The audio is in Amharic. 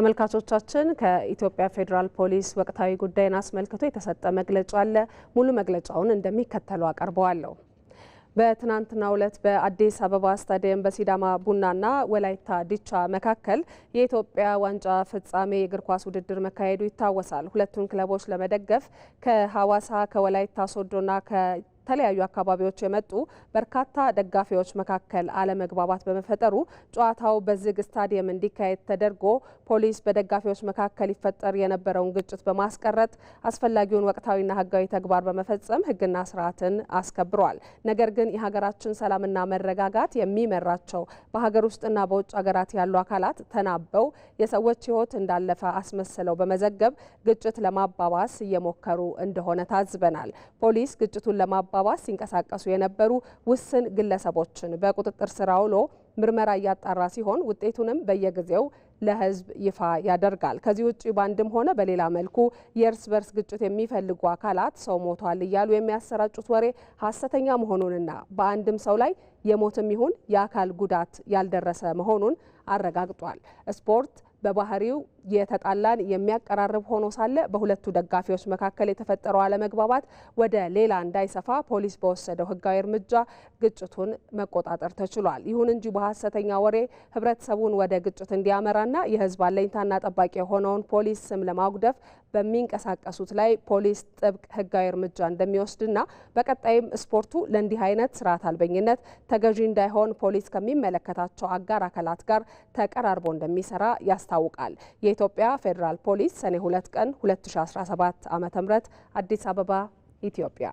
ተመልካቾቻችን ከኢትዮጵያ ፌዴራል ፖሊስ ወቅታዊ ጉዳይን አስመልክቶ የተሰጠ መግለጫ አለ። ሙሉ መግለጫውን እንደሚከተለው አቀርበዋለሁ። በትናንትናው ዕለት በአዲስ አበባ ስታዲየም በሲዳማ ቡናና ወላይታ ዲቻ መካከል የኢትዮጵያ ዋንጫ ፍጻሜ የእግር ኳስ ውድድር መካሄዱ ይታወሳል። ሁለቱን ክለቦች ለመደገፍ ከሐዋሳ ከወላይታ ሶዶና ከተለያዩ አካባቢዎች የመጡ በርካታ ደጋፊዎች መካከል አለመግባባት በመፈጠሩ ጨዋታው በዝግ ስታዲየም እንዲካሄድ ተደርጎ ፖሊስ በደጋፊዎች መካከል ይፈጠር የነበረውን ግጭት በማስቀረት አስፈላጊውን ወቅታዊና ሕጋዊ ተግባር በመፈጸም ሕግና ስርዓትን አስከብሯል። ነገር ግን የሀገራችን ሰላምና መረጋጋት የሚመራቸው በሀገር ውስጥና በውጭ ሀገራት ያሉ አካላት ተናበው የሰዎች ሕይወት እንዳለፈ አስመስለው በመዘገብ ግጭት ለማባባስ እየሞከሩ እንደሆነ ታዝበናል። ፖሊስ ግጭቱን ለማባ በመባባስ ሲንቀሳቀሱ የነበሩ ውስን ግለሰቦችን በቁጥጥር ስር አውሎ ምርመራ እያጣራ ሲሆን ውጤቱንም በየጊዜው ለህዝብ ይፋ ያደርጋል። ከዚህ ውጭ በአንድም ሆነ በሌላ መልኩ የእርስ በርስ ግጭት የሚፈልጉ አካላት ሰው ሞቷል እያሉ የሚያሰራጩት ወሬ ሀሰተኛ መሆኑንና በአንድም ሰው ላይ የሞትም ይሁን የአካል ጉዳት ያልደረሰ መሆኑን አረጋግጧል። ስፖርት በባህሪው የተጣላን የሚያቀራርብ ሆኖ ሳለ በሁለቱ ደጋፊዎች መካከል የተፈጠረው አለመግባባት ወደ ሌላ እንዳይሰፋ ፖሊስ በወሰደው ህጋዊ እርምጃ ግጭቱን መቆጣጠር ተችሏል። ይሁን እንጂ በሀሰተኛ ወሬ ህብረተሰቡን ወደ ግጭት እንዲያመራና የህዝብ አለኝታና ጠባቂ የሆነውን ፖሊስ ስም ለማጉደፍ በሚንቀሳቀሱት ላይ ፖሊስ ጥብቅ ህጋዊ እርምጃ እንደሚወስድና በቀጣይም ስፖርቱ ለእንዲህ አይነት ስርዓት አልበኝነት ተገዢ እንዳይሆን ፖሊስ ከሚመለከታቸው አጋር አካላት ጋር ተቀራርቦ እንደሚሰራ ያስታውቃል። የኢትዮጵያ ፌዴራል ፖሊስ ሰኔ 2 ቀን 2017 ዓ.ም አዲስ አበባ ኢትዮጵያ